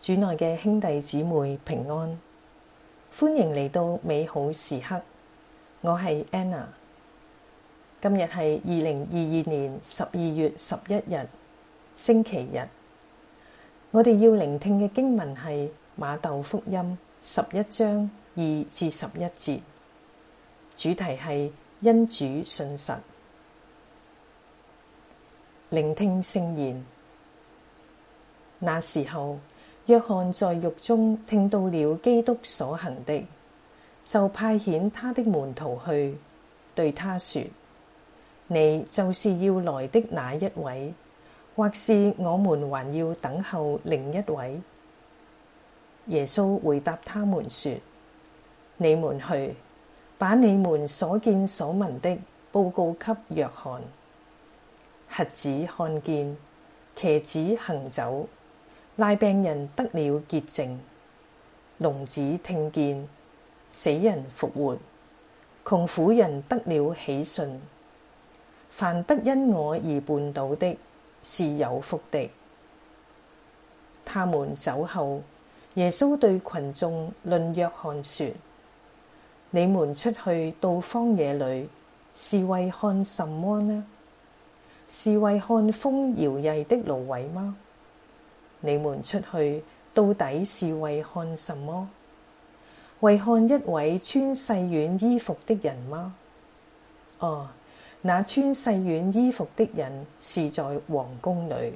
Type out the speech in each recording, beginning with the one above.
主內嘅兄弟姊妹平安，歡迎嚟到美好時刻。我係 Anna，今日係二零二二年十二月十一日星期日。我哋要聆聽嘅經文係馬竇福音十一章二至十一節，主題係因主信實。聆聽聖言，那時候。若翰在獄中聽到了基督所行的，就派遣他的門徒去對他說：你就是要來的那一位，或是我們還要等候另一位？耶穌回答他們說：你們去，把你們所見所聞的報告給若翰。瞎子看見，瘸子行走。癩病人得了潔淨，聾子聽見，死人復活，窮苦人得了喜訊。凡不因我而絆倒的，是有福的。他們走後，耶穌對群眾論若翰說：你們出去到荒野裏，是為看什麼呢？是為看風搖曳的蘆葦嗎？你們出去到底是為看什麼？為看一位穿細軟衣服的人嗎？哦，那穿細軟衣服的人是在王宮裏。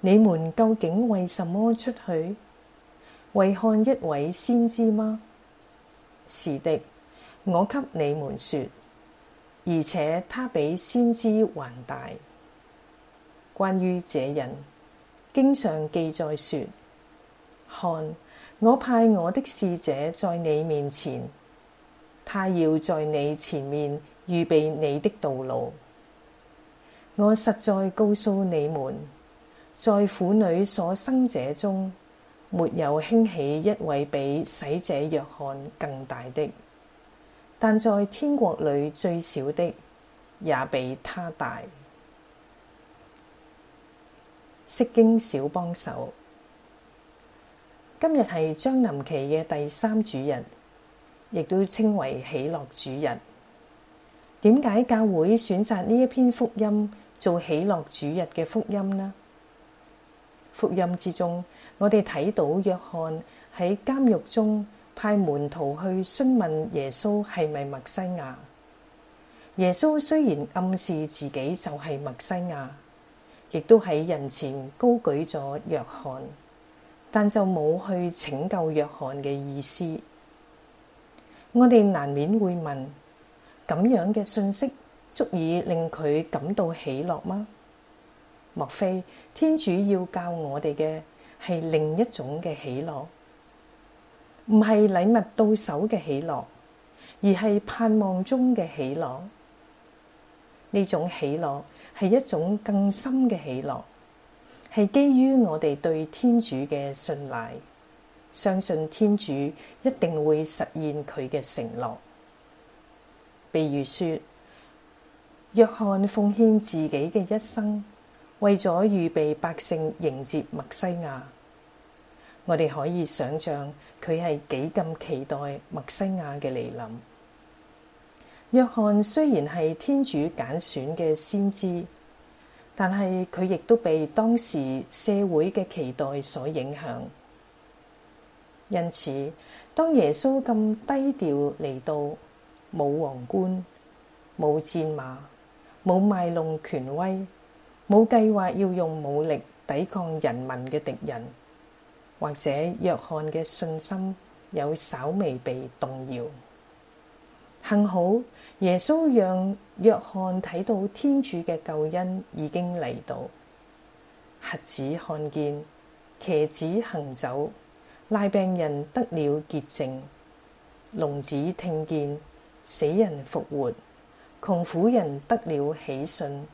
你們究竟為什麼出去？為看一位先知嗎？是的，我給你們說，而且他比先知還大。關於這人，經上記載說：看，我派我的使者在你面前，他要在你前面預備你的道路。我實在告訴你們，在婦女所生者中，沒有興起一位比洗者若翰更大的，但在天國裏最小的，也比他大。釋經小幫手。今日係將臨期嘅第三主日，亦都稱為喜樂主日。點解教會選擇呢一篇福音做喜樂主日嘅福音呢？福音之中，我哋睇到若翰喺監獄中派門徒去詢問耶穌係咪默西亞。耶穌雖然暗示自己就係默西亞。亦都喺人前高舉咗若翰，但就冇去拯救若翰嘅意思。我哋難免會問，咁樣嘅訊息足以令佢感到喜樂嗎？莫非天主要教我哋嘅係另一種嘅喜樂，唔係禮物到手嘅喜樂，而係盼望中嘅喜樂？呢種喜樂。係一種更深嘅喜樂，係基於我哋對天主嘅信賴，相信天主一定會實現佢嘅承諾。譬如說，若翰奉獻自己嘅一生，為咗預備百姓迎接默西亞。我哋可以想像佢係幾咁期待默西亞嘅嚟臨。若翰雖然係天主揀選嘅先知，但係佢亦都被當時社會嘅期待所影響。因此，當耶穌咁低調嚟到，冇皇冠、冇戰馬、冇賣弄權威、冇計劃要用武力抵抗人民嘅敵人，或者若翰嘅信心有稍微被動搖。幸好耶穌讓若翰睇到天主嘅救恩已經嚟到，瞎子看見，瘸子行走，癩病人得了潔淨。聾子聽見，死人復活，窮苦人得了喜訊，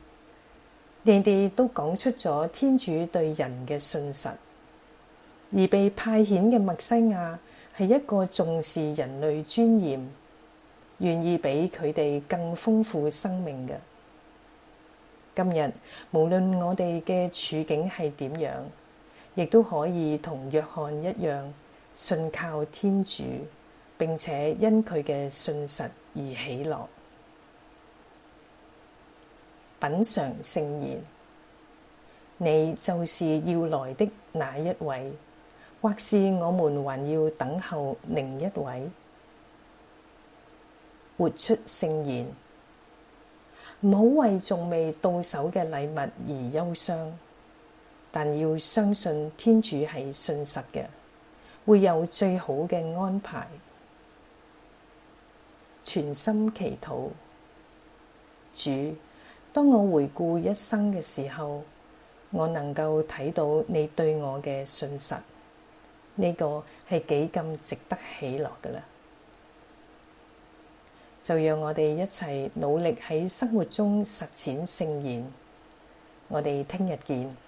人哋都講出咗天主對人嘅信實，而被派遣嘅默西亞係一個重視人類尊嚴。願意俾佢哋更豐富生命嘅。活出聖言。就讓我哋一齊努力喺生活中實踐聖言。我哋聽日見。